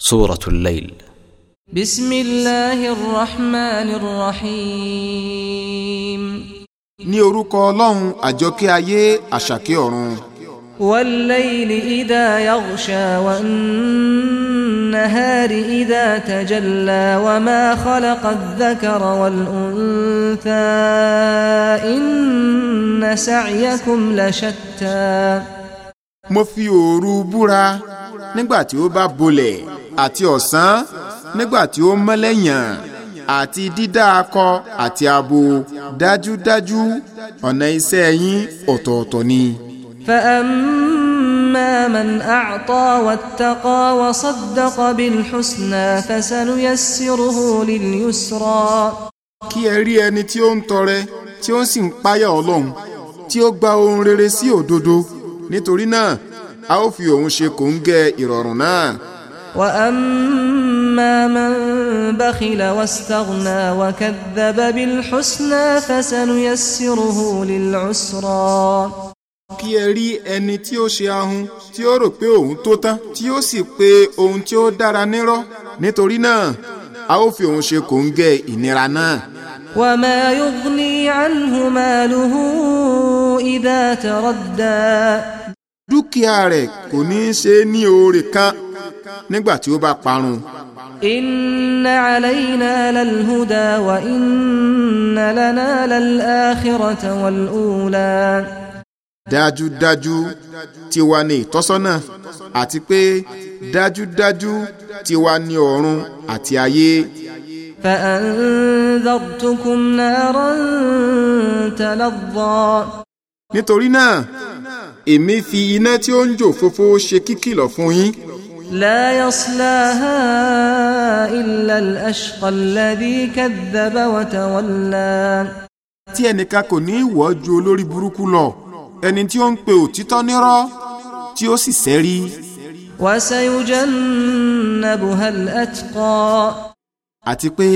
سورة الليل بسم الله الرحمن الرحيم ní orúkọ ọlọ́run àjọkẹ́ ayé àṣàkẹ́ ọ̀run. والليل إذا يغشى والنهار إذا تجلى وما خلق الذكر والأنثى إن سعيكم لشتى. mo fi òru búra nígbà tí ó bá bolẹ̀ àti ọ̀sán nígbà tí ó mọ́lẹ̀ yàn àti dídá akọ àti abo dájúdájú ọ̀nà iṣẹ́ yín ọ̀tọ̀ọ̀tọ̀ ni. فأما من أعطى واتقى وصدق بالحسنى فسنيسره لليسرى kí ẹ rí ẹni tí ó ń tọrẹ tí ó sì ń páyà Ọlọ́run tí ó gba ohun rere sí òdodo nítorí náà a ó fi òun ṣe kòńgẹ́ ìrọ̀rùn náà. واما من بخل واستغنى وكذب بالحسنى فسنيسره للعسرى kí ẹ rí ẹni tí ó ṣe ahun tí ó rò pé òun tó tán tí ó sì pé ohun tí ó dára nírọ́ nítorí náà a ó fi òun ṣe kòńgẹ́ ìnira náà. وما يغني عنه ماله إذا تردى. dúkìá rẹ̀ kò ní í ṣe ní oore kan nígbà tí ó bá parun. inna alayna lalhuda wa inna lana lalakhirata walula. dájúdájú tiwa ni ìtọ́sọ́nà àti pé dájúdájú tiwa ni ọ̀run àti ayé. فأنذرتكم نارا تلظى nítorí náà èmi fi iná tí ó ń لا يصلاها إلا الأشقى الذي كذب وتولى. tí ẹnìkan kò ní í wọ̀ ju olórí burúkú lọ ẹni tí ó ń pe òtítọ́ nírọ́ tí ó sì sẹ́rí. وسيجنبها الأتقى. àti pé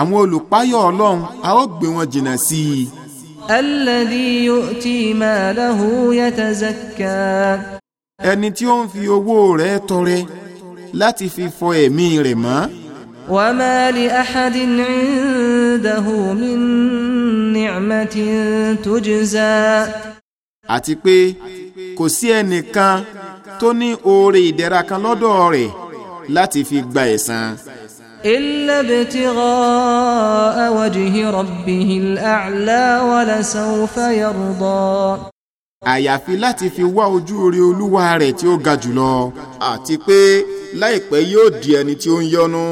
àwọn olùpáyọ̀ ọlọ́run a ó gbé wọn jìnnà sí i. الذي يؤتي ماله يتزكى ẹni tí ó ń fi owó rẹ̀ tọrẹ láti fi fọ ẹ̀mí rẹ̀ mọ́. وما لأحد عنده من نعمة تجزى. àti pé kò sí ẹnìkan tó ní oore ìdẹ̀ra kan lọ́dọ̀ rẹ̀ láti fi gba ẹ̀san. إلا ابتغاء وجه ربه الأعلى ولسوف يرضى àyàfi láti fi wá ojú orí olúwa rẹ̀ tí ó ga jùlọ àti pé láìpẹ́ yóò di ẹni tí ó ń yọ́nú.